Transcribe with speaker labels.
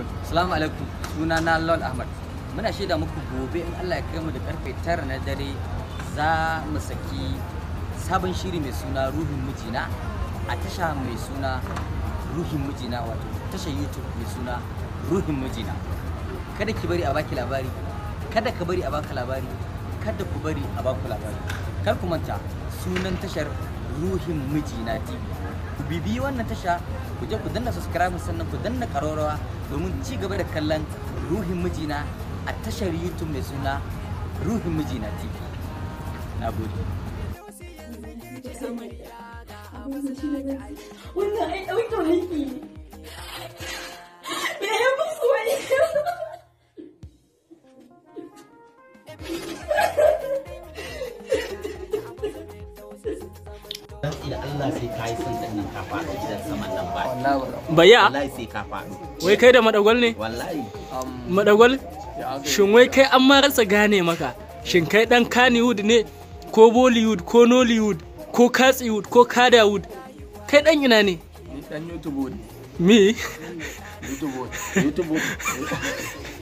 Speaker 1: Assalamu alaikum. Suna na Lol Ahmad. Muna shaida muku gobe in Allah ya kai mu da karfe 9 na dare za mu saki sabon shiri mai suna Ruhin Mijina a tasha mai suna Ruhin Mijina wato tasha YouTube mai suna Ruhin Mijina. Kada ki bari a baki labari, kada ka bari a baka labari, kada ku bari a baku labari. Kar ku manta sunan tashar ruhin mijina tv ku bibi wannan tasha ku je ku danna subscribe sannan ku danna karorawa domin ci gaba da kallon ruhin mijina a tashar youtube mai suna ruhin mijina tv na gode
Speaker 2: Baya. Wai kai
Speaker 3: da madagwal ne? Madagwal? Shin wai kai an ma rasa gane maka? Shin kai dan Kannywood ne? Ko Bollywood ko Nollywood ko Katsiwood ko Kadawood? Kai dan ina ne? mi ne. YouTube. YouTube.